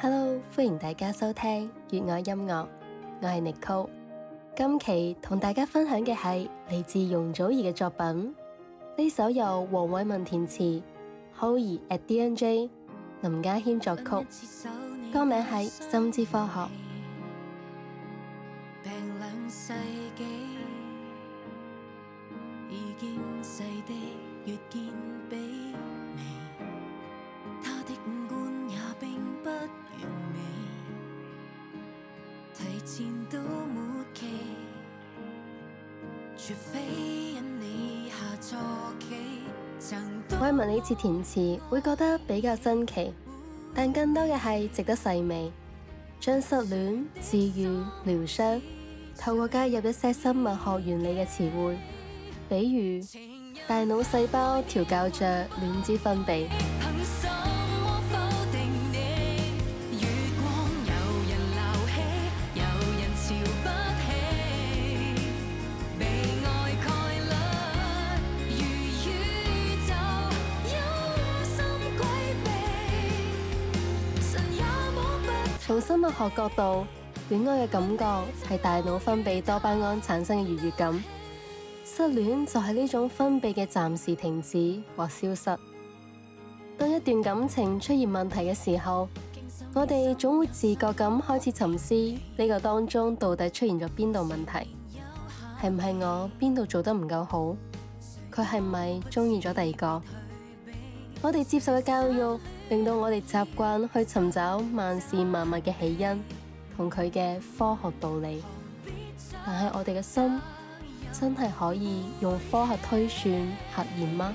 Hello，歡迎大家收聽粵愛音樂，我係 Nichole。今期同大家分享嘅係嚟自容祖兒嘅作品，呢首由黃偉文填詞，Howie@Dear Jane，林家謙作曲，歌名係《心之科學》。Y-man 呢次填詞，會覺得比較新奇，但更多嘅係值得細味。將失戀治愈療傷，透過加入一些生物學原理嘅詞彙，比如大腦細胞調校着戀之分泌。從生物學角度，戀愛嘅感覺係大腦分泌多巴胺產生嘅愉悅感。失戀就係呢種分泌嘅暫時停止或消失。當一段感情出現問題嘅時候，我哋總會自覺咁開始沉思呢個當中到底出現咗邊度問題？係唔係我邊度做得唔夠好？佢係咪中意咗第二個？我哋接受嘅教育。令到我哋習慣去尋找萬事萬物嘅起因同佢嘅科學道理，但係我哋嘅心真係可以用科學推算核驗嗎？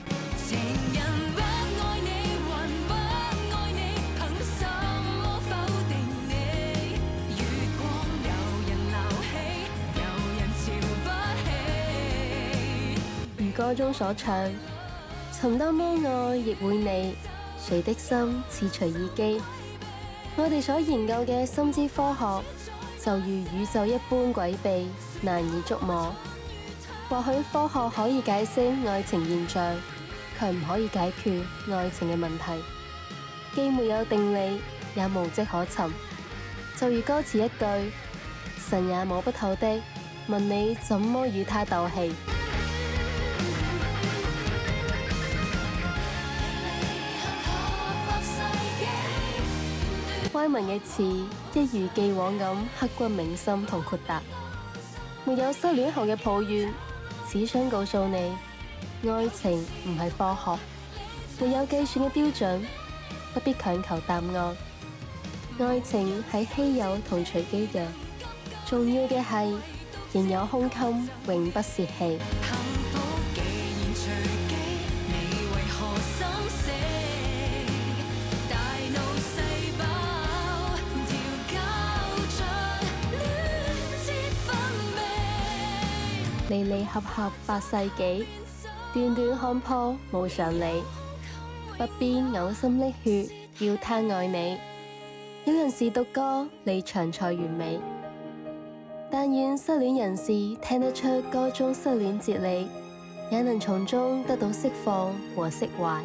如歌中所唱，曾多麼愛亦會膩。誰的心似隨意肌？我哋所研究嘅心之科學，就如宇宙一般詭秘，難以捉摸。或許科學可以解釋愛情現象，卻唔可以解決愛情嘅問題。既沒有定理，也無跡可尋。就如歌詞一句：神也摸不透的，問你怎麼與它鬥氣？Y-man 嘅詞一如既往咁刻骨銘心同豁達，沒有失戀後嘅抱怨，只想告訴你，愛情唔係科學，沒有計算嘅標準，不必強求答案。愛情係稀有同隨機嘅，重要嘅係仍有胸襟，永不泄氣。離離合合百世紀，段段看破無常理，不必嘔心瀝血叫他愛你。有人是獨個，離場才完美。但願失戀人士聽得出歌中失戀哲理，也能從中得到釋放和釋懷。